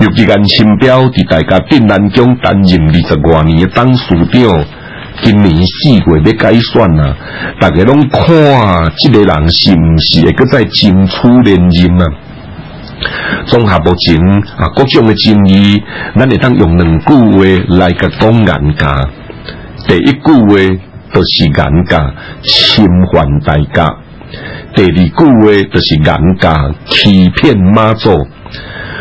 有一個人，新標佇大甲鎮瀾宮擔任二十多年嘅董事長，今年四月要改選啊！大家攏看，這個人是唔是會再經初連任啊？綜合目前啊，各種的爭議，咱會當用兩句話來個講，顏家第一句話就是顏家侵犯大家，第二句話就是顏家欺騙媽祖。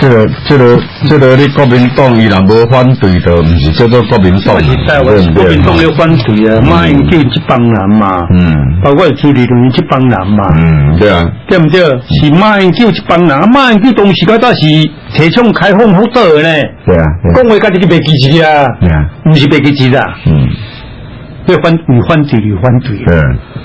這個、這個、這個，你國民黨伊人無反對的，唔是叫做國民黨反對啊？國民黨有反對啊？馬英九一幫人嘛，嗯，包括朱立倫一幫人嘛，嗯，嗯，對啊，對唔對？是馬英九一幫人，馬英九東西個都是提倡開放合作的呢，對啊，講話家己個白旗子啊，對啊，唔是白旗子啊，嗯，這反與反對與反對啊，嗯。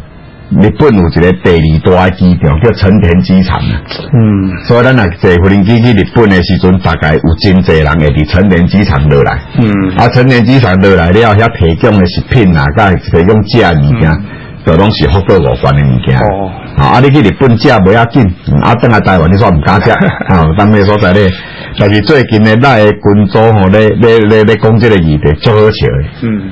日本有一個第二大的基點，叫成田機場。嗯，所以咱若坐飛機去日本的時陣，大概有真濟人會佇成田機場落來。嗯，啊成田機場落來了，遐提供嘅食品呐，甲提供食嘢物件，都攏是福島無關的物件。哦，啊你去日本食，不要緊，啊等下台灣你煞唔敢食。哦，當年所在咧，但是最近咧，咱的群組吼咧咧咧咧講即個議題，最好笑的。嗯。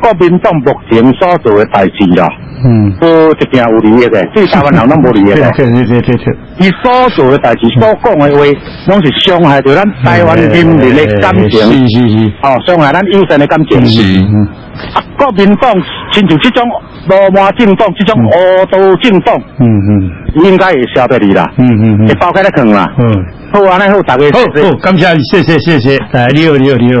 國民黨目前所做的大事呀，嗯，都一件無理嘅嘅，對台灣人都無理嘅嘅。對對對對對。你所做的大事，所講嘅話，攏是傷害對咱台灣人民嘅感情。是是是。哦，傷害咱英勝嘅感情。嗯嗯嗯。啊，國民黨，像就這種羅馬政黨，這種，惡道政黨，嗯嗯，應該也曉得你啦。嗯嗯嗯。一包開得坑啦。嗯。好安尼，好，大家好。好，感謝，謝謝，謝謝。哎，你好，你好，你好。